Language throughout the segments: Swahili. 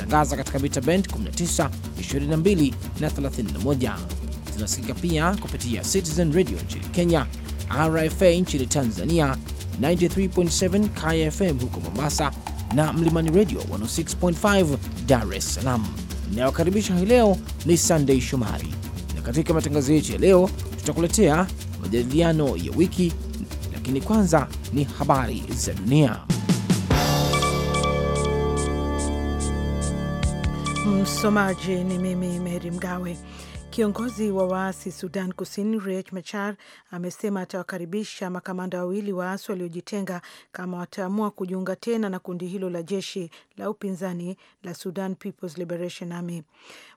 Tunatangaza katika mita bend 19, 22 na 31. Tunasikika pia kupitia Citizen Radio nchini Kenya, RFA nchini Tanzania, 93.7 KFM huko Mombasa na Mlimani Radio 106.5 Dar es Salaam. Inayokaribisha hii leo ni Sunday Shomari, na katika matangazo yetu ya leo tutakuletea majadiliano ya wiki, lakini kwanza ni habari za dunia. Msomaji ni mimi Meri Mgawe. Kiongozi wa waasi Sudan Kusini Riek Machar amesema atawakaribisha makamanda wawili waasi waliojitenga kama wataamua kujiunga tena na kundi hilo la jeshi la upinzani la Sudan People's Liberation Army.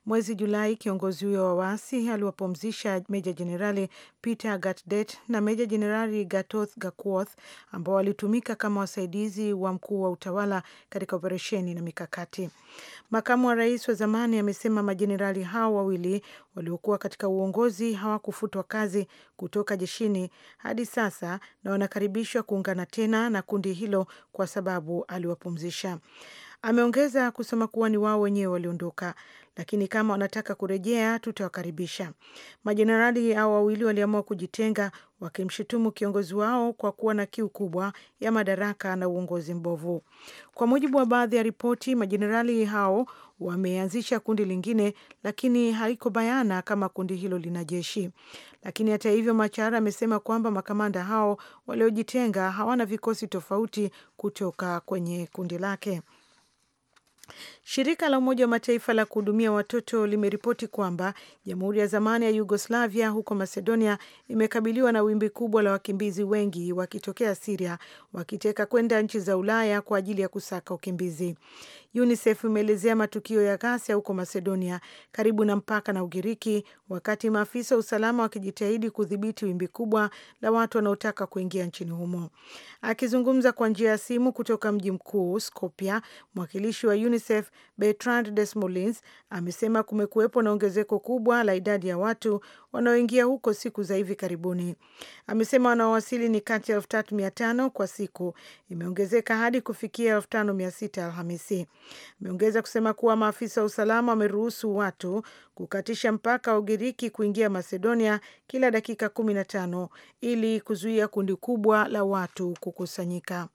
Mwezi Julai, kiongozi huyo wa waasi aliwapumzisha Meja Jenerali Peter Gatdet na Meja Jenerali Gatoth Gakuoth ambao walitumika kama wasaidizi wa mkuu wa utawala katika operesheni na mikakati. Makamu wa rais wa zamani amesema majenerali hao wawili waliokuwa katika uongozi hawakufutwa kazi kutoka jeshini hadi sasa na wanakaribishwa kuungana tena na kundi hilo kwa sababu aliwapumzisha. Ameongeza kusema kuwa ni wao wenyewe waliondoka, lakini kama wanataka kurejea tutawakaribisha. Majenerali hao wawili waliamua kujitenga, wakimshutumu kiongozi wao kwa kuwa na kiu kubwa ya madaraka na uongozi mbovu. Kwa mujibu wa baadhi ya ripoti, majenerali hao wameanzisha kundi lingine, lakini haiko bayana kama kundi hilo lina jeshi. Lakini hata hivyo, Machar amesema kwamba makamanda hao waliojitenga hawana vikosi tofauti kutoka kwenye kundi lake. Shirika la Umoja wa Mataifa la kuhudumia watoto limeripoti kwamba jamhuri ya zamani ya Yugoslavia huko Macedonia imekabiliwa na wimbi kubwa la wakimbizi, wengi wakitokea Siria wakiteka kwenda nchi za Ulaya kwa ajili ya kusaka ukimbizi. UNICEF imeelezea matukio ya ghasia huko Macedonia karibu na mpaka na Ugiriki, wakati maafisa wa usalama wakijitahidi kudhibiti wimbi kubwa la watu wanaotaka kuingia nchini humo. Akizungumza kwa njia ya simu kutoka mji mkuu Skopje, mwakilishi wa UNICEF UNICEF Bertrand Desmoulins amesema kumekuwepo na ongezeko kubwa la idadi ya watu wanaoingia huko siku za hivi karibuni. Amesema wanaowasili ni kati ya elfu tatu mia tano kwa siku, imeongezeka hadi kufikia elfu tano mia sita Alhamisi. Ameongeza kusema kuwa maafisa wa usalama wameruhusu watu kukatisha mpaka wa Ugiriki kuingia Macedonia kila dakika kumi na tano ili kuzuia kundi kubwa la watu kukusanyika.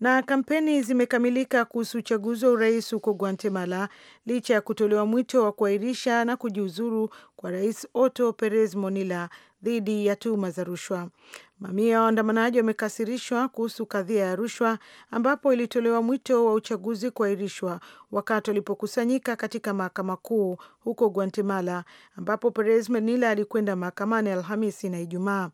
Na kampeni zimekamilika kuhusu uchaguzi wa urais huko Guatemala licha ya kutolewa mwito wa kuahirisha na kujiuzuru kwa Rais Otto Perez monila dhidi ya tuhuma za rushwa. Mamia ya waandamanaji wamekasirishwa kuhusu kadhia ya rushwa ambapo ilitolewa mwito wa uchaguzi kuahirishwa wakati walipokusanyika katika mahakama kuu huko Guatemala, ambapo Perez Monila alikwenda mahakamani Alhamisi na Ijumaa.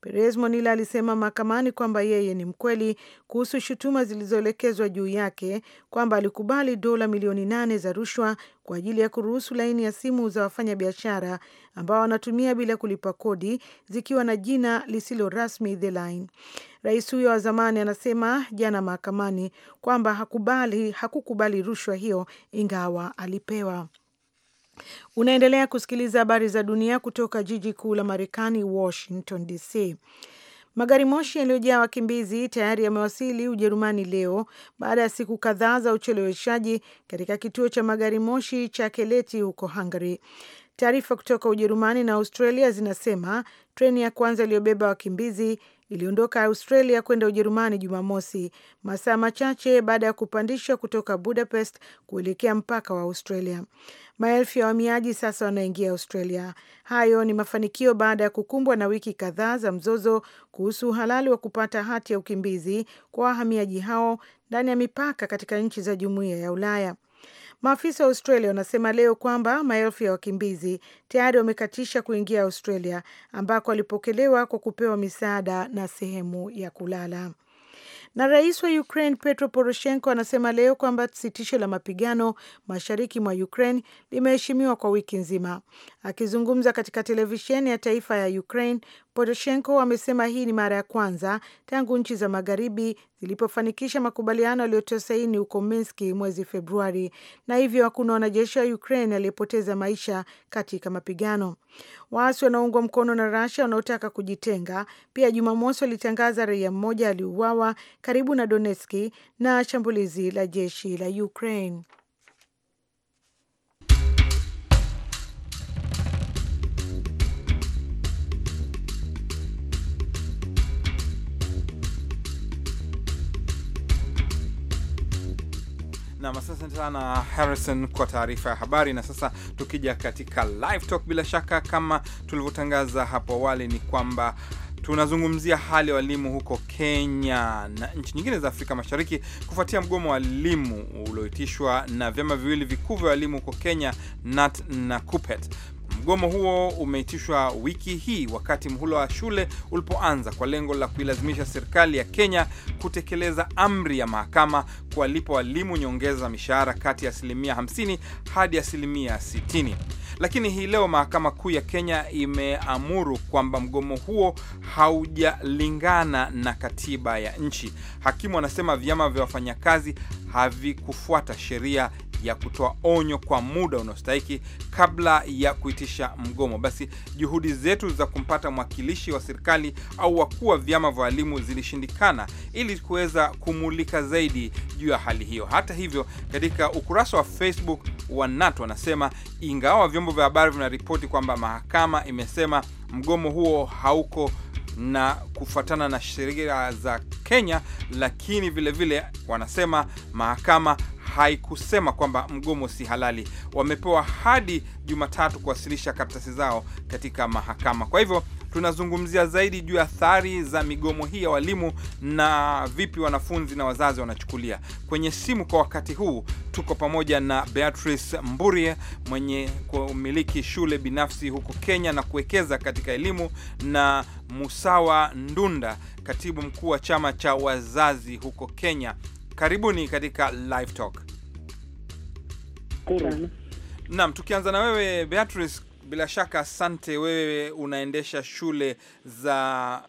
Perez Monila alisema mahakamani kwamba yeye ni mkweli kuhusu shutuma zilizoelekezwa juu yake kwamba alikubali dola milioni nane za rushwa kwa ajili ya kuruhusu laini ya simu za wafanyabiashara ambao wanatumia bila kulipa kodi zikiwa na jina lisilo rasmi The Line. Rais huyo wa zamani anasema jana mahakamani kwamba hakubali hakukubali rushwa hiyo ingawa alipewa. Unaendelea kusikiliza habari za dunia kutoka jiji kuu la Marekani, Washington DC. Magari moshi yaliyojaa wakimbizi tayari yamewasili Ujerumani leo baada ya siku kadhaa za ucheleweshaji katika kituo cha magari moshi cha Keleti huko Hungary. Taarifa kutoka Ujerumani na Australia zinasema Treni ya kwanza iliyobeba wakimbizi iliondoka Australia kwenda Ujerumani Jumamosi, masaa machache baada ya kupandishwa kutoka Budapest kuelekea mpaka wa Australia. Maelfu ya wahamiaji sasa wanaingia Australia. Hayo ni mafanikio baada ya kukumbwa na wiki kadhaa za mzozo kuhusu uhalali wa kupata hati ya ukimbizi kwa wahamiaji hao ndani ya mipaka katika nchi za Jumuiya ya Ulaya. Maafisa wa Australia wanasema leo kwamba maelfu ya wakimbizi tayari wamekatisha kuingia Australia ambako walipokelewa kwa kupewa misaada na sehemu ya kulala. Na rais wa Ukraine Petro Poroshenko anasema leo kwamba sitisho la mapigano mashariki mwa Ukraine limeheshimiwa kwa wiki nzima. Akizungumza katika televisheni ya taifa ya Ukraine Poroshenko amesema hii ni mara ya kwanza tangu nchi za magharibi zilipofanikisha makubaliano yaliyotia saini huko Minski mwezi Februari, na hivyo hakuna wanajeshi wa Ukraine aliyepoteza maisha katika mapigano. Waasi wanaoungwa mkono na rasia wanaotaka kujitenga pia Jumamosi walitangaza raia mmoja aliuawa karibu na Donetski na shambulizi la jeshi la Ukraine. Nam, asante sana Harrison kwa taarifa ya habari. Na sasa tukija katika live talk, bila shaka kama tulivyotangaza hapo awali ni kwamba tunazungumzia hali ya walimu huko Kenya na nchi nyingine za Afrika Mashariki kufuatia mgomo wa walimu ulioitishwa na vyama viwili vikuu vya walimu huko Kenya, NAT na KUPPET. Mgomo huo umeitishwa wiki hii wakati mhula wa shule ulipoanza kwa lengo la kuilazimisha serikali ya Kenya kutekeleza amri ya mahakama kuwalipa walimu nyongeza za mishahara kati ya asilimia 50 hadi asilimia 60. Lakini hii leo mahakama kuu ya Kenya imeamuru kwamba mgomo huo haujalingana na katiba ya nchi. Hakimu anasema vyama vya wafanyakazi havikufuata sheria ya kutoa onyo kwa muda unaostahiki kabla ya kuitisha mgomo. Basi juhudi zetu za kumpata mwakilishi wa serikali au wakuu wa vyama vya walimu zilishindikana ili kuweza kumulika zaidi juu ya hali hiyo. Hata hivyo, katika ukurasa wa Facebook wa NATO wanasema ingawa vyombo vya habari vinaripoti kwamba mahakama imesema mgomo huo hauko na kufuatana na sheria za Kenya, lakini vilevile vile wanasema mahakama haikusema kwamba mgomo si halali. Wamepewa hadi Jumatatu kuwasilisha karatasi zao katika mahakama. Kwa hivyo tunazungumzia zaidi juu ya athari za migomo hii ya walimu na vipi wanafunzi na wazazi wanachukulia. Kwenye simu kwa wakati huu tuko pamoja na Beatrice Mburie mwenye kumiliki shule binafsi huko Kenya na kuwekeza katika elimu na Musawa Ndunda, katibu mkuu wa chama cha wazazi huko Kenya. Karibuni katika Live Talk. Nashukuru. Naam, tukianza na wewe Beatrice, bila shaka asante. Wewe unaendesha shule za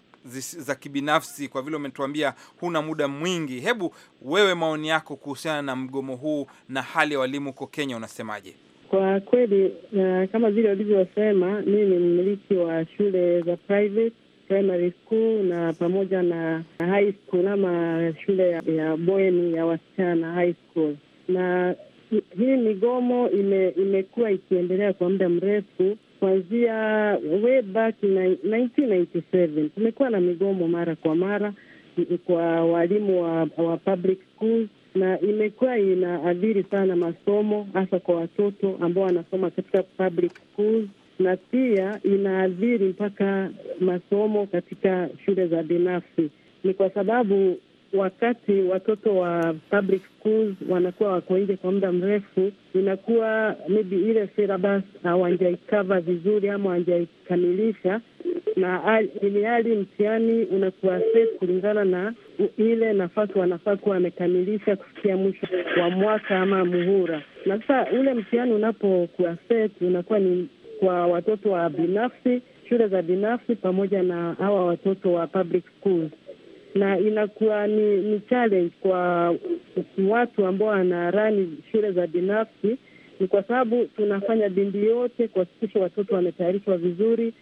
za kibinafsi, kwa vile umetuambia huna muda mwingi. Hebu wewe, maoni yako kuhusiana na mgomo huu na hali ya walimu huko Kenya, unasemaje? Kwa kweli uh, kama vile ulivyosema, mimi ni mmiliki wa shule za private primary school na pamoja na high school ama shule ya, ya bweni ya wasichana high school, na hii migomo ime, imekuwa ikiendelea kwa muda mrefu kuanzia way back 1997 na migomo mara kwa mara kwa walimu wa, wa public na imekuwa adhiri sana masomo hasa kwa watoto ambao wanasoma katika public na pia inaadhiri mpaka masomo katika shule za binafsi. Ni kwa sababu wakati watoto wa public schools wanakuwa wako nje kwa muda mrefu, inakuwa maybe ile syllabus hawajaikava vizuri ama hawajaikamilisha, na ili hali mtihani unakuwa set kulingana na ile nafasi wanafaa kuwa wamekamilisha kufikia mwisho wa mwaka ama muhura Na sasa ule mtihani unapokuwa set unakuwa ni kwa watoto wa binafsi, shule za binafsi, pamoja na hawa watoto wa public schools na inakuwa ni, ni challenge kwa watu ambao wanarani shule za binafsi. Ni kwa sababu tunafanya bindi yote kuhakikisha watoto wametayarishwa vizuri,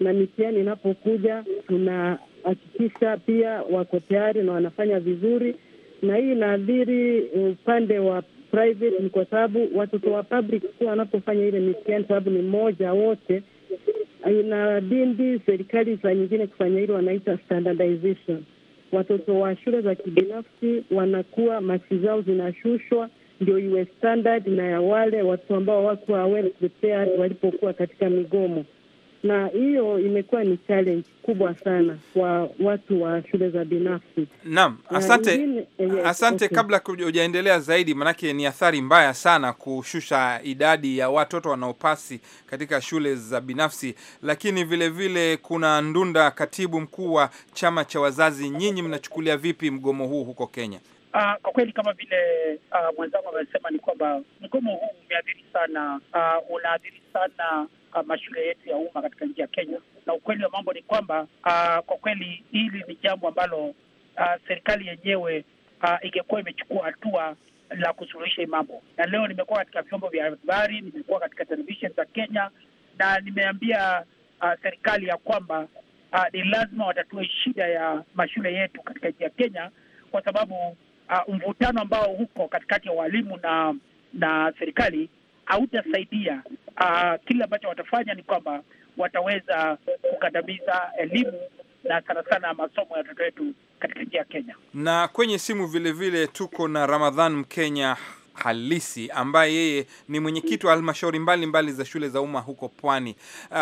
na mitihani inapokuja tunahakikisha pia wako tayari na wanafanya vizuri, na hii inaathiri upande wa private. Ni kwa sababu watoto wa public kuwa wanapofanya ile mitihani, sababu ni moja wote, inabidi serikali saa nyingine kufanya ile wanaita standardization watoto wa shule za kibinafsi wanakuwa masi zao zinashushwa, ndio iwe standard na ya wale watu ambao wako well walipokuwa katika migomo na hiyo imekuwa ni challenge kubwa sana kwa watu wa shule za binafsi. Naam, asante ingine, eh, yes, asante okay. Kabla hujaendelea zaidi, maanake ni athari mbaya sana kushusha idadi ya watoto wanaopasi katika shule za binafsi, lakini vile vile kuna Ndunda, katibu mkuu wa chama cha wazazi, nyinyi mnachukulia vipi mgomo huu huko Kenya? Uh, kwa kweli kama vile uh, mwenzangu amesema ni kwamba mgomo huu umeathiri sana uh, ah, unaathiri sana uh, mashule yetu ya umma katika nchi ya Kenya, na ukweli wa mambo ni kwamba uh, kwa kweli hili ni jambo ambalo uh, serikali yenyewe uh, ingekuwa imechukua hatua la kusuluhisha mambo, na leo nimekuwa katika vyombo vya habari, nimekuwa katika televishen za Kenya na nimeambia uh, serikali ya kwamba uh, ni lazima watatue shida ya mashule yetu katika nchi ya Kenya kwa sababu uh, mvutano ambao huko katikati ya walimu na na serikali hautasaidia. Uh, kile ambacho watafanya ni kwamba wataweza kukandamiza elimu na sana sana masomo ya watoto wetu katika nchi ya Kenya. Na kwenye simu vilevile vile tuko na Ramadhan Mkenya halisi ambaye yeye ni mwenyekiti wa halmashauri mbalimbali za shule za umma huko Pwani. Uh,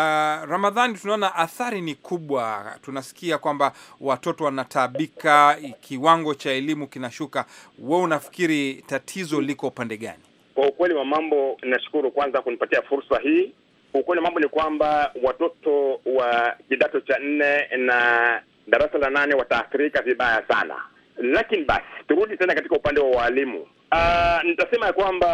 Ramadhani, tunaona athari ni kubwa, tunasikia kwamba watoto wanataabika, kiwango cha elimu kinashuka. Wewe unafikiri tatizo liko upande gani? Kwa ukweli wa mambo, nashukuru kwanza kunipatia fursa hii. Ukweli wa mambo ni kwamba watoto wa kidato cha nne na darasa la nane wataathirika vibaya sana, lakini basi turudi tena katika upande wa waalimu Uh, nitasema ya kwamba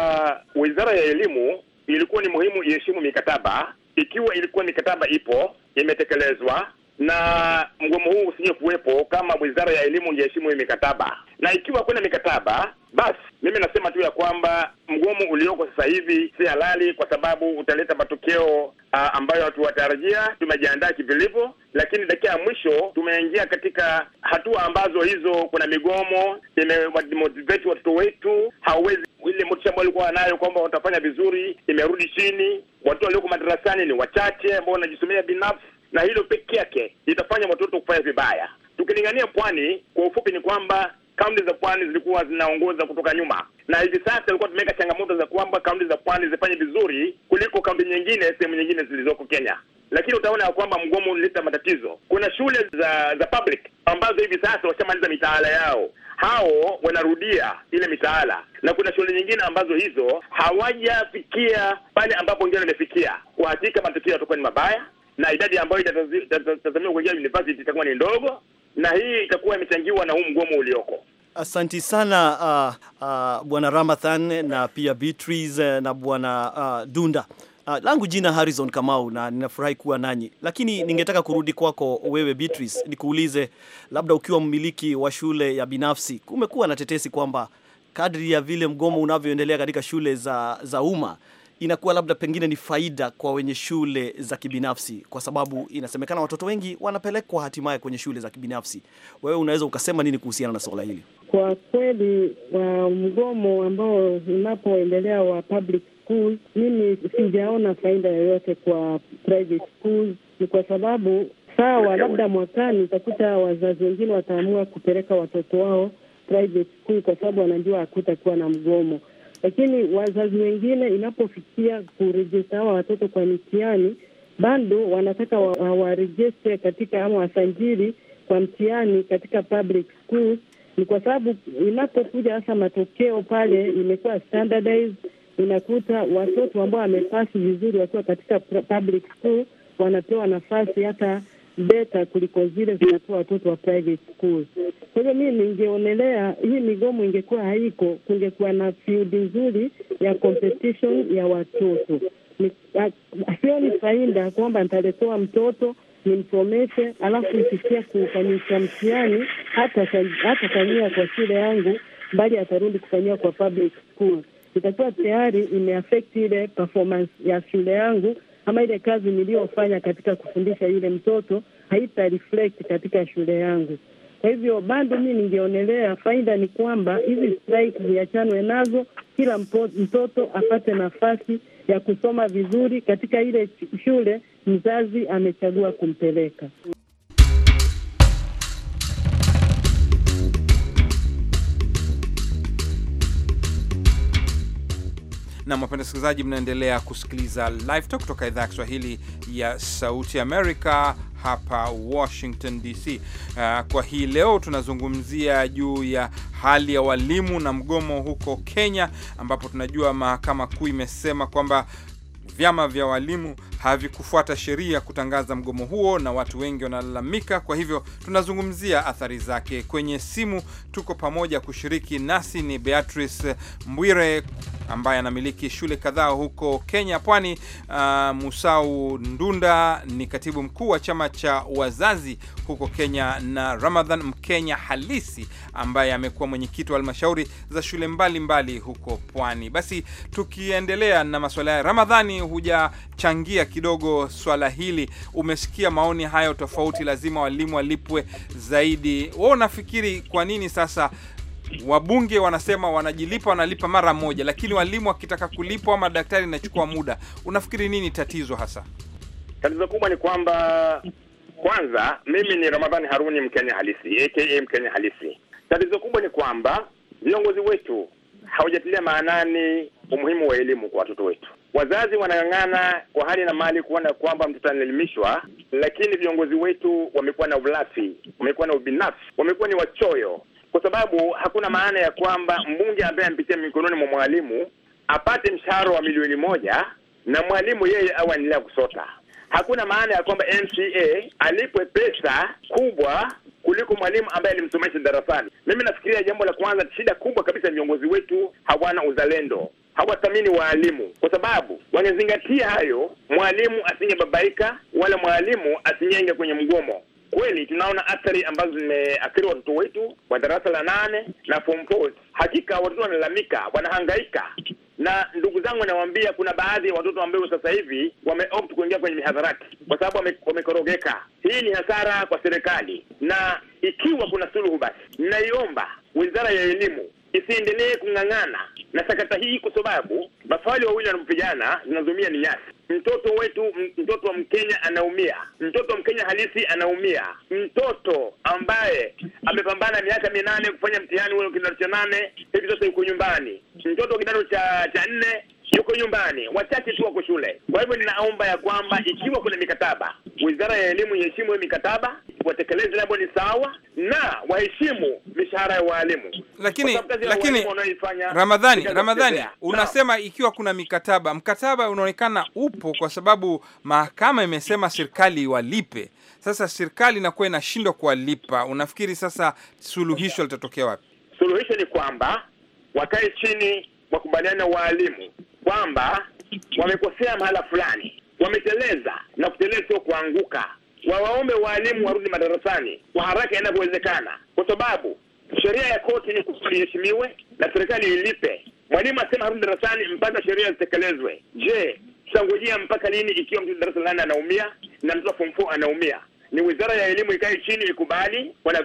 Wizara ya Elimu ilikuwa ni muhimu iheshimu mikataba. Ikiwa ilikuwa mikataba ipo imetekelezwa na mgomo huu usije kuwepo kama wizara ya elimu ingeheshimu hii mikataba, na ikiwa kuna mikataba, basi mimi nasema tu ya kwamba mgomo ulioko sasa hivi si halali, kwa sababu utaleta matokeo uh, ambayo hatuwatarajia. Tumejiandaa kivilivyo, lakini dakika ya mwisho tumeingia katika hatua ambazo hizo, kuna migomo imewademotivate watoto wetu, hauwezi ile motisha ambayo walikuwa nayo kwamba watafanya vizuri imerudi chini. Watoto walioko madarasani ni wachache ambao wanajisomea binafsi na hilo peke yake litafanya watoto kufanya vibaya. Tukilingania pwani, kwa ufupi ni kwamba kaunti za pwani zilikuwa zinaongoza kutoka nyuma, na hivi sasa ilikuwa tumeweka changamoto za kwamba kaunti za pwani zifanye vizuri kuliko kaunti nyingine, sehemu nyingine zilizoko Kenya. Lakini utaona ya kwamba mgomo unaleta matatizo. Kuna shule za za public ambazo hivi sasa washamaliza mitaala yao, hao wanarudia ile mitaala, na kuna shule nyingine ambazo hizo hawajafikia pale ambapo wengine wamefikia. Kwa hakika matokeo yatakuwa ni mabaya, na idadi ambayo itatazamiwa kuingia university itakuwa ni ndogo, na hii itakuwa imechangiwa na huu mgomo ulioko. Asanti sana uh, uh, Bwana Ramadhan na pia Beatrice eh, na Bwana uh, Dunda. Uh, langu jina Harrison Kamau na ninafurahi kuwa nanyi, lakini ningetaka kurudi kwako wewe Beatrice, nikuulize labda, ukiwa mmiliki wa shule ya binafsi, kumekuwa na tetesi kwamba kadri ya vile mgomo unavyoendelea katika shule za, za umma inakuwa labda pengine ni faida kwa wenye shule za kibinafsi, kwa sababu inasemekana watoto wengi wanapelekwa hatimaye kwenye shule za kibinafsi. Wewe unaweza ukasema nini kuhusiana na suala hili? Kwa kweli, wa uh, mgomo ambao unapoendelea wa public mimi sijaona faida yoyote kwa private Ni kwa sababu sawa, labda mwakani utakuta wazazi wengine wataamua kupeleka watoto wao private school kwa sababu wanajua hakutakuwa na mgomo lakini wazazi wengine inapofikia kurejesta hawa watoto kwa mitihani, bado wanataka wawarejeste wa katika ama wasanjiri kwa mtihani katika public schools. Ni kwa sababu inapokuja hasa matokeo pale imekuwa standardized, inakuta watoto ambao wamepasi vizuri wakiwa katika public school wanapewa nafasi hata beta kuliko zile zinatoa watoto wa private school. Kwa hiyo mimi ningeonelea hii migomo ingekuwa haiko, kungekuwa na field nzuri ya competition ya watoto. Ah, sioni faida kwamba nitaletoa mtoto nimsomeshe alafu ikifikia kufanyisha mtihani hata fanyia kwa shule yangu, bali atarudi kufanyia kwa public school, itakuwa tayari imeaffect ile performance ya shule yangu ama ile kazi niliyofanya katika kufundisha yule mtoto haita reflect katika shule yangu. Kwa hivyo bado mi ningeonelea faida ni kwamba hizi strike ziachanwe nazo, kila mpo, mtoto apate nafasi ya kusoma vizuri katika ile shule mzazi amechagua kumpeleka. na wapenda wasikilizaji, mnaendelea kusikiliza Live Talk kutoka idhaa ya Kiswahili ya Sauti Amerika hapa Washington DC. Uh, ah, kwa hii leo tunazungumzia juu ya hali ya walimu na mgomo huko Kenya, ambapo tunajua mahakama kuu imesema kwamba vyama vya walimu havikufuata sheria kutangaza mgomo huo, na watu wengi wanalalamika. Kwa hivyo tunazungumzia athari zake. Kwenye simu tuko pamoja kushiriki nasi ni Beatrice Mbwire ambaye anamiliki shule kadhaa huko Kenya pwani. Uh, Musau Ndunda ni katibu mkuu wa chama cha wazazi huko Kenya, na Ramadhan Mkenya halisi ambaye amekuwa mwenyekiti wa halmashauri za shule mbalimbali mbali huko pwani. Basi tukiendelea na maswala ya Ramadhani, hujachangia kidogo swala hili. Umesikia maoni hayo tofauti, lazima walimu walipwe zaidi. Wewe unafikiri kwa nini sasa wabunge wanasema wanajilipa, wanalipa mara moja, lakini walimu wakitaka kulipwa ama daktari inachukua muda? Unafikiri nini tatizo hasa? Tatizo kubwa ni kwamba kwanza, mimi ni Ramadhani Haruni, Mkenya halisi aka Mkenya halisi. Tatizo kubwa ni kwamba viongozi wetu hawajatilia maanani umuhimu wa elimu kwa watoto wetu. Wazazi wanang'ang'ana kwa hali na mali kuona kwamba mtoto anaelimishwa, lakini viongozi wetu wamekuwa na ulafi, wamekuwa na ubinafsi, wamekuwa ni wachoyo, kwa sababu hakuna maana ya kwamba mbunge ambaye ampitia mikononi mwa mwalimu apate mshahara wa milioni moja na mwalimu yeye au aendelea kusota. Hakuna maana ya kwamba MCA alipwe pesa kubwa kuliko mwalimu ambaye alimsomesha darasani. Mimi nafikiria jambo la kwanza, shida kubwa kabisa, viongozi wetu hawana uzalendo hawathamini waalimu kwa sababu wangezingatia hayo, mwalimu asingebabaika wala mwalimu asinyenge kwenye mgomo. Kweli tunaona athari ambazo zimeathiri watoto wetu wa darasa la nane na form four. Hakika watoto wanalalamika, wanahangaika na ndugu zangu, nawaambia kuna baadhi ya watoto ambao sasa hivi wameopt kuingia kwenye mihadharati kwa sababu wamekorogeka. Hii ni hasara kwa serikali, na ikiwa kuna suluhu, basi naiomba wizara ya elimu isiendelee kung'ang'ana na sakata hii, kwa sababu mafawali wawili wanapopigana zinazumia ni nyasi. Mtoto wetu, mtoto wa Mkenya anaumia, mtoto wa Mkenya halisi anaumia. Mtoto ambaye amepambana miaka minane kufanya mtihani ule wa kidato cha nane hivi sasa yuko nyumbani. Mtoto wa kidato cha cha nne yuko nyumbani, wachache tu wako shule. Kwa hivyo ninaomba ya kwamba ikiwa kuna mikataba, wizara ya elimu iheshimu hiyo mikataba, watekeleze labo ni sawa, na waheshimu mishahara ya waalimu. Lakini lakini Ramadhani, Ramadhani Unasema ikiwa kuna mikataba, mkataba unaonekana upo kwa sababu mahakama imesema serikali iwalipe. Sasa serikali inakuwa inashindwa kuwalipa. Unafikiri sasa suluhisho litatokea wapi? Suluhisho ni kwamba wakae chini, wakubaliana waalimu kwamba wamekosea mahala fulani, wameteleza na kuteleza sio kuanguka. Wawaombe waalimu warudi madarasani kwa haraka inavyowezekana, kwa sababu sheria ya koti ni iheshimiwe na serikali ilipe. Mwalimu asema harudi darasani mpaka sheria zitekelezwe. Je, tutangojea mpaka lini? Ikiwa mtu darasa la nane anaumia na mtoto form four anaumia, ni wizara ya elimu ikae chini, ikubali wana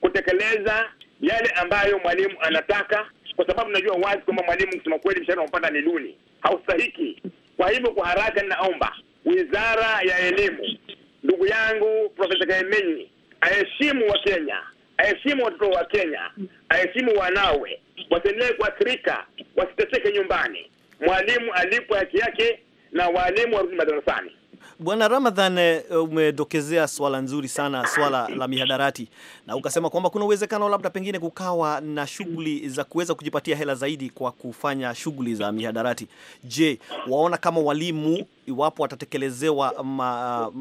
kutekeleza yale ambayo mwalimu anataka kwa sababu najua wazi kwamba mwalimu, kusema kweli, mshahara unaopata ni duni, haustahiki. Kwa hivyo, kwa haraka ninaomba wizara ya elimu, ndugu yangu Profesa Kaemenyi aheshimu Wakenya, aheshimu watoto wa Kenya, aheshimu wanawe, wasiendelee kuathirika, wasiteseke nyumbani. Mwalimu alipwe haki yake na waalimu warudi madarasani. Bwana Ramadhan, eh, umedokezea swala nzuri sana, swala la mihadarati, na ukasema kwamba kuna uwezekano labda pengine kukawa na shughuli za kuweza kujipatia hela zaidi kwa kufanya shughuli za mihadarati. Je, waona kama walimu iwapo watatekelezewa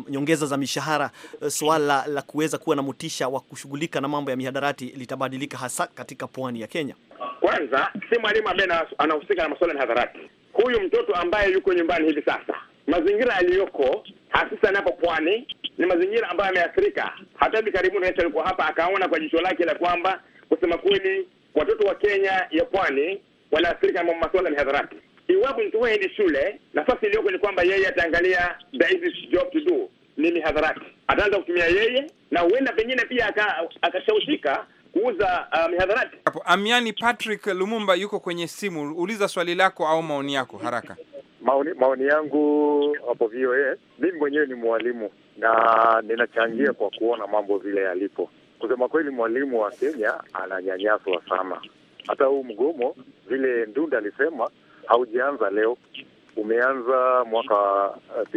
nyongeza za mishahara, eh, swala la kuweza kuwa na mutisha wa kushughulika na mambo ya mihadarati litabadilika, hasa katika pwani ya Kenya? Kwanza si mwalimu ambaye anahusika na masuala ya mihadarati. Huyu mtoto ambaye yuko nyumbani hivi sasa Mazingira yaliyoko hasa napo pwani ni mazingira ambayo yameathirika. Hata hivi karibuni Rais alikuwa hapa akaona kwa jicho lake la kwamba kusema kweli watoto wa Kenya ya pwani wanaathirika na masuala ya mihadarati. Iwapo mtu huyo haendi shule, nafasi iliyoko ni kwamba yeye ataangalia the easiest job to do ni mihadharati ataanza kutumia yeye, na huenda pengine pia akashawishika aka kuuza uh, mihadharati Hapo Amiani Patrick Lumumba yuko kwenye simu, uliza swali lako au maoni yako haraka. Maoni, maoni yangu hapo VOA, mimi mwenyewe ni mwalimu na ninachangia kwa kuona mambo vile yalipo. Kusema kweli, mwalimu wa Kenya ananyanyaswa sana. Hata huu mgomo vile Ndunda alisema haujaanza leo, umeanza mwaka uh,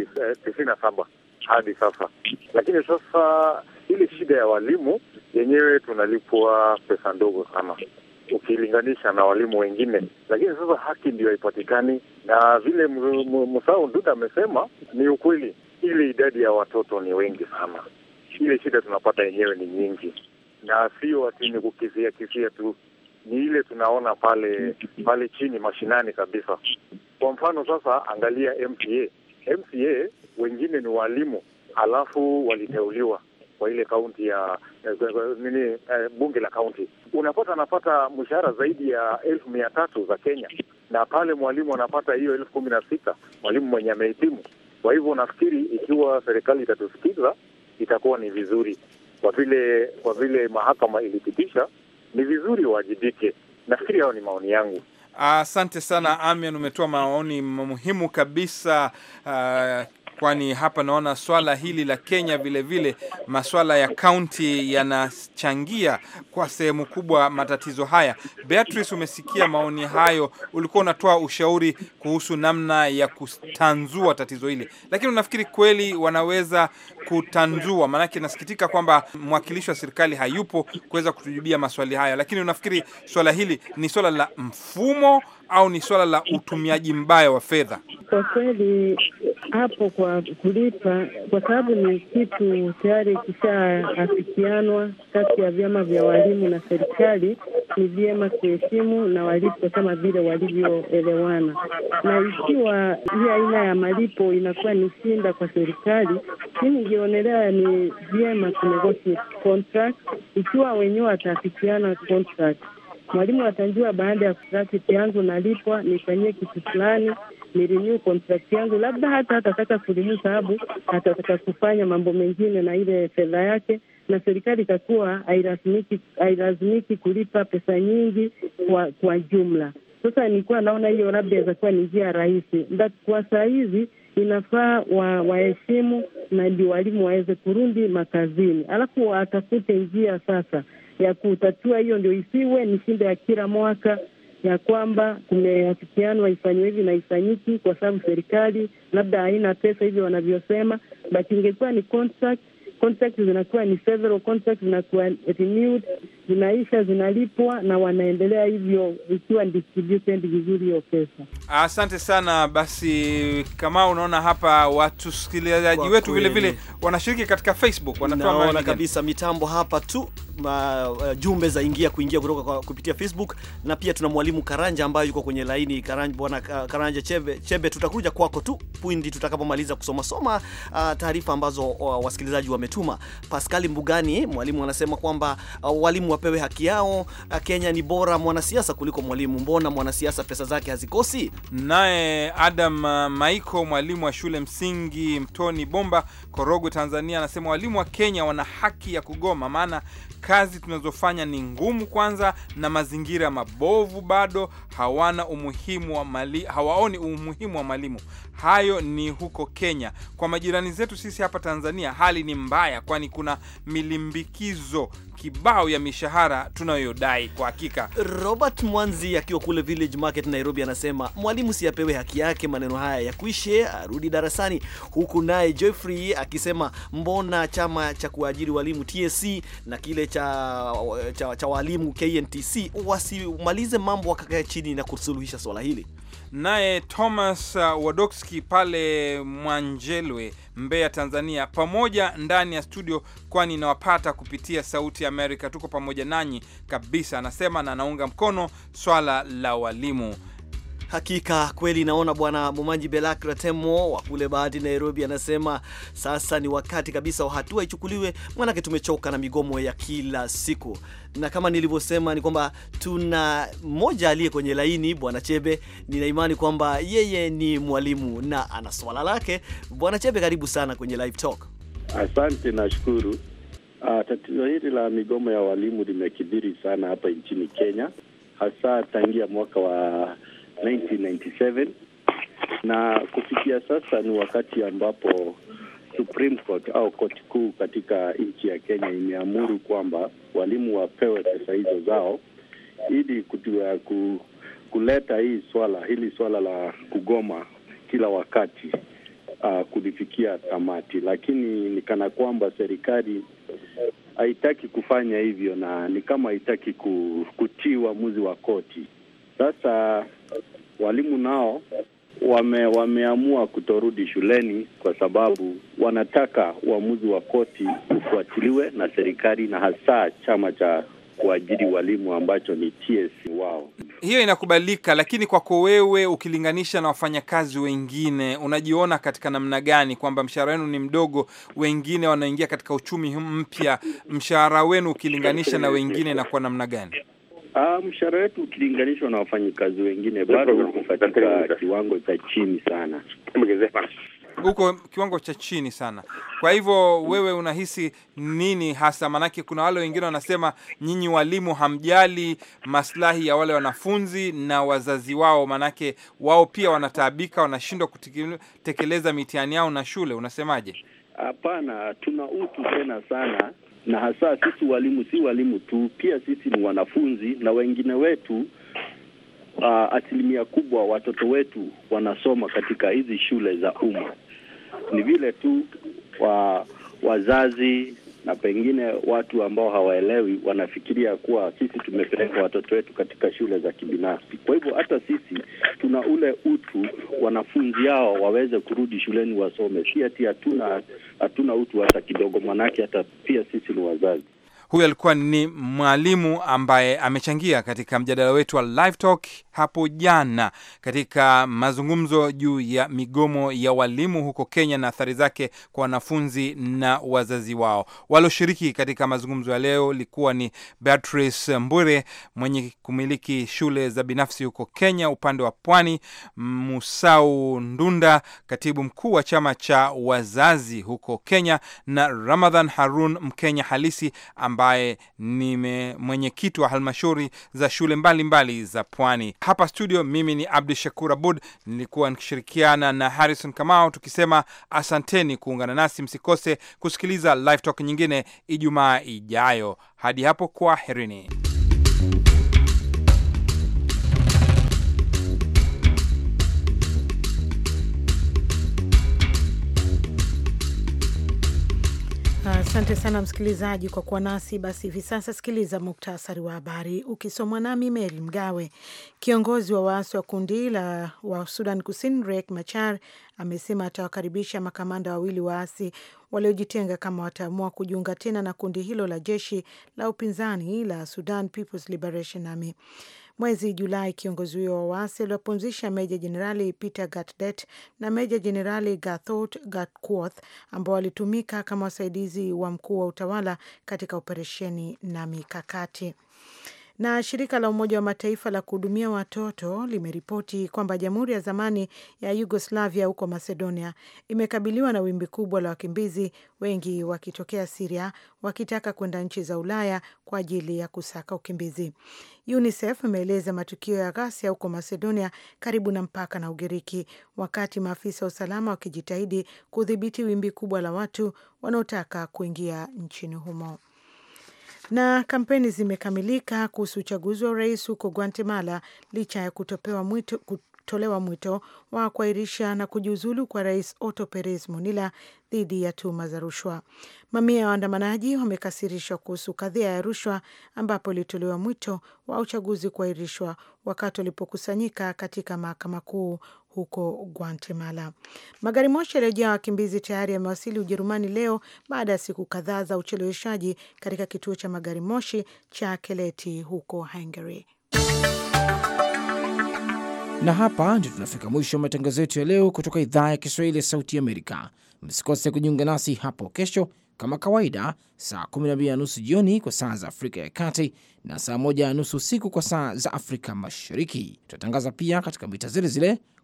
tisini na saba hadi sasa. Lakini sasa ile shida ya walimu yenyewe tunalipwa pesa ndogo sana ukilinganisha na walimu wengine, lakini sasa haki ndiyo haipatikani, na vile Musau Nduda amesema ni ukweli. Ile idadi ya watoto ni wengi sana, ile shida tunapata yenyewe ni nyingi, na sio ati ni kukizia kizia tu, ni ile tunaona pale pale chini mashinani kabisa. Kwa mfano sasa, angalia MCA. MCA wengine ni walimu alafu waliteuliwa kwa ile kaunti ya nini eh, bunge la kaunti, unapata anapata mshahara zaidi ya elfu mia tatu za Kenya, na pale mwalimu anapata hiyo elfu kumi na sita mwalimu mwenye amehitimu. Kwa hivyo nafikiri ikiwa serikali itatusikiza itakuwa ni vizuri, kwa vile kwa vile mahakama ilipitisha, ni vizuri waajibike. Nafikiri hayo ni maoni yangu. Asante sana Amian, umetoa maoni muhimu kabisa. Uh, kwani hapa naona swala hili la Kenya vilevile vile, maswala ya kaunti yanachangia kwa sehemu kubwa matatizo haya. Beatrice, umesikia maoni hayo, ulikuwa unatoa ushauri kuhusu namna ya kutanzua tatizo hili, lakini unafikiri kweli wanaweza kutanzua? Maanake nasikitika kwamba mwakilishi wa serikali hayupo kuweza kutujibia maswali haya, lakini unafikiri swala hili ni swala la mfumo au ni swala la utumiaji mbaya wa fedha? Kwa kweli hapo kwa kulipa, kwa sababu ni kitu tayari kishaafikianwa kati ya vyama vya walimu na serikali, ni vyema kuheshimu na walipo kama vile walivyoelewana, na ikiwa hii aina ya malipo inakuwa ni shinda kwa serikali, mimi ningionelea ni vyema kunegotiate contract, ikiwa wenyewe wataafikiana contract mwalimu atajua baada ya contract yangu nalipwa, nifanyie kitu fulani, renew contract yangu, labda hata atataka kurenew sababu atataka kufanya mambo mengine na ile fedha yake, na serikali itakuwa hailazimiki hairazimiki kulipa pesa nyingi kwa kwa jumla. Sasa nilikuwa naona hiyo labda inaweza kuwa ni njia rahisi, kwa saa hizi inafaa wa waheshimu na ndio walimu waweze kurudi makazini, alafu waatafute njia sasa ya kutatua hiyo, ndio isiwe ni shinda ya kila mwaka ya kwamba kumeafikianwa ifanywe hivi na haifanyiki kwa sababu serikali labda haina pesa, hivyo wanavyosema, but ingekuwa ni contract contracts zinakuwa ni several contracts zinakuwa renewed, zinaisha, zinalipwa na wanaendelea hivyo, ikiwa distributed vizuri hiyo pesa. Asante sana. Basi kama unaona hapa, watusikilizaji wetu vile vile wanashiriki katika Facebook, wanatoa kabisa mitambo hapa tu ma, uh, jumbe za ingia kuingia kutoka kwa, kupitia Facebook na pia tuna mwalimu Karanja ambaye yuko kwenye laini. Karanja, bwana eh, Karanja Chebe, Chebe, tutakuja kwako tu pindi tutakapomaliza kusoma soma uh, taarifa ambazo uh, wasikilizaji wame umetuma. Pascal Mbugani mwalimu anasema kwamba uh, walimu wapewe haki yao. Uh, Kenya ni bora mwanasiasa kuliko mwalimu, mbona mwanasiasa pesa zake hazikosi? Naye Adam uh, Maiko mwalimu wa shule msingi Mtoni Bomba, Korogwe, Tanzania anasema walimu wa Kenya wana haki ya kugoma, maana kazi tunazofanya ni ngumu kwanza, na mazingira mabovu, bado hawana umuhimu wa mali, hawaoni umuhimu wa mwalimu. Hayo ni huko Kenya. Kwa majirani zetu sisi hapa Tanzania hali ni mba mbaya, kwani kuna milimbikizo kibao ya mishahara tunayodai kwa hakika. Robert Mwanzi akiwa kule Village Market Nairobi anasema mwalimu si apewe haki yake, maneno haya ya kuishe arudi darasani. Huku naye Geoffrey akisema mbona chama cha kuajiri walimu TSC na kile cha, cha, cha walimu KNTC wasimalize mambo wakakae chini na kusuluhisha swala hili. Naye Thomas uh, Wadokski pale Mwanjelwe, Mbeya, Tanzania, pamoja ndani ndani ya studio, kwani nawapata kupitia Sauti ya Amerika. Tuko pamoja nanyi kabisa, anasema na anaunga mkono swala la walimu. Hakika kweli, naona bwana Mumanji Belakra Temo wa kule Bahati, Nairobi, anasema sasa ni wakati kabisa wa hatua ichukuliwe, mwanake tumechoka na migomo ya kila siku. Na kama nilivyosema ni kwamba tuna mmoja aliye kwenye laini, bwana Chebe. Nina imani kwamba yeye ni mwalimu na ana swala lake. Bwana Chebe, karibu sana kwenye Live Talk. Asante, nashukuru. Uh, tatizo hili la migomo ya walimu limekidhiri sana hapa nchini Kenya, hasa tangia mwaka wa 1997 na kufikia sasa ni wakati ambapo Supreme Court au koti kuu katika nchi ya Kenya imeamuru kwamba walimu wapewe pesa hizo zao ili kutua, ku, kuleta hii swala hili swala la kugoma kila wakati uh, kulifikia tamati, lakini ni kana kwamba serikali haitaki kufanya hivyo na ni kama haitaki kutii uamuzi wa koti. Sasa walimu nao wame, wameamua kutorudi shuleni kwa sababu wanataka uamuzi wa koti ufuatiliwe na serikali na hasa chama cha kuajiri walimu ambacho ni TSC wao hiyo inakubalika, lakini kwako wewe ukilinganisha na wafanyakazi wengine unajiona katika namna gani? Kwamba mshahara wenu ni mdogo, wengine wanaingia katika uchumi mpya, mshahara wenu ukilinganisha na wengine inakuwa namna gani? Uh, mshahara wetu ukilinganishwa na wafanyikazi wengine bado uko katika kiwango cha chini sana huko kiwango cha chini sana. Kwa hivyo wewe unahisi nini hasa? Maanake kuna wale wengine wanasema nyinyi walimu hamjali maslahi ya wale wanafunzi na wazazi wao, maanake wao pia wanataabika, wanashindwa kutekeleza mitihani yao na shule. Unasemaje? Hapana, tuna utu tena sana na hasa sisi walimu, si walimu tu, pia sisi ni wanafunzi na wengine wetu. Uh, asilimia kubwa watoto wetu wanasoma katika hizi shule za umma. Ni vile tu wa wazazi na pengine watu ambao hawaelewi wanafikiria kuwa sisi tumepeleka watoto wetu katika shule za kibinafsi. Kwa hivyo hata sisi tuna ule utu wanafunzi hao waweze kurudi shuleni wasome, si ati hatuna hatuna utu hata kidogo, manake hata pia sisi ni wazazi. Huyu alikuwa ni mwalimu ambaye amechangia katika mjadala wetu wa Live Talk hapo jana katika mazungumzo juu ya migomo ya walimu huko Kenya na athari zake kwa wanafunzi na wazazi wao. Walioshiriki katika mazungumzo ya leo ilikuwa ni Beatrice Mbure mwenye kumiliki shule za binafsi huko Kenya upande wa Pwani, Musau Ndunda katibu mkuu wa chama cha wazazi huko Kenya na Ramadhan Harun Mkenya halisi ambaye ni mwenyekiti wa halmashauri za shule mbalimbali mbali za pwani. Hapa studio, mimi ni Abdu Shakur Abud, nilikuwa nikishirikiana na Harrison Kamau tukisema asanteni kuungana nasi. Msikose kusikiliza Live Talk nyingine Ijumaa ijayo. Hadi hapo, kwaherini. Asante sana msikilizaji kwa kuwa nasi. Basi hivi sasa sikiliza muktasari wa habari ukisomwa nami Meri Mgawe. Kiongozi wa waasi wa kundi la wa Sudan Kusini Riek Machar amesema atawakaribisha makamanda wawili waasi waliojitenga kama wataamua kujiunga tena na kundi hilo la jeshi la upinzani la Sudan People's Liberation Army. Mwezi Julai, kiongozi huyo wa waasi aliwapumzisha Meja Jenerali Peter Gatdet na Meja Jenerali Gathot Gatkuoth ambao walitumika kama wasaidizi wa mkuu wa utawala katika operesheni na mikakati. Na shirika la Umoja wa Mataifa la kuhudumia watoto limeripoti kwamba jamhuri ya zamani ya Yugoslavia huko Macedonia imekabiliwa na wimbi kubwa la wakimbizi, wengi wakitokea Siria wakitaka kwenda nchi za Ulaya kwa ajili ya kusaka ukimbizi. UNICEF imeeleza matukio ya ghasia huko Macedonia karibu na mpaka na Ugiriki, wakati maafisa wa usalama wakijitahidi kudhibiti wimbi kubwa la watu wanaotaka kuingia nchini humo. Na kampeni zimekamilika kuhusu uchaguzi wa urais huko Guatemala licha ya kutopewa mwito, kutolewa mwito wa kuahirisha na kujiuzulu kwa rais Otto Perez monila dhidi ya tuhuma za rushwa. Mamia ya waandamanaji wamekasirishwa kuhusu kadhia ya rushwa, ambapo ilitolewa mwito wa uchaguzi kuahirishwa wakati walipokusanyika katika mahakama kuu huko Guatemala. Magari moshi yaliyojaa wakimbizi tayari yamewasili Ujerumani leo baada ya siku kadhaa za ucheleweshaji katika kituo cha magari moshi cha Keleti huko Hungary. Na hapa ndio tunafika mwisho wa matangazo yetu ya leo kutoka idhaa ya Kiswahili ya Sauti Amerika. Msikose kujiunga nasi hapo kesho kama kawaida, saa 12 na nusu jioni kwa saa za Afrika ya Kati na saa 1 na nusu usiku kwa saa za Afrika Mashariki. Tutatangaza pia katika mita zile zile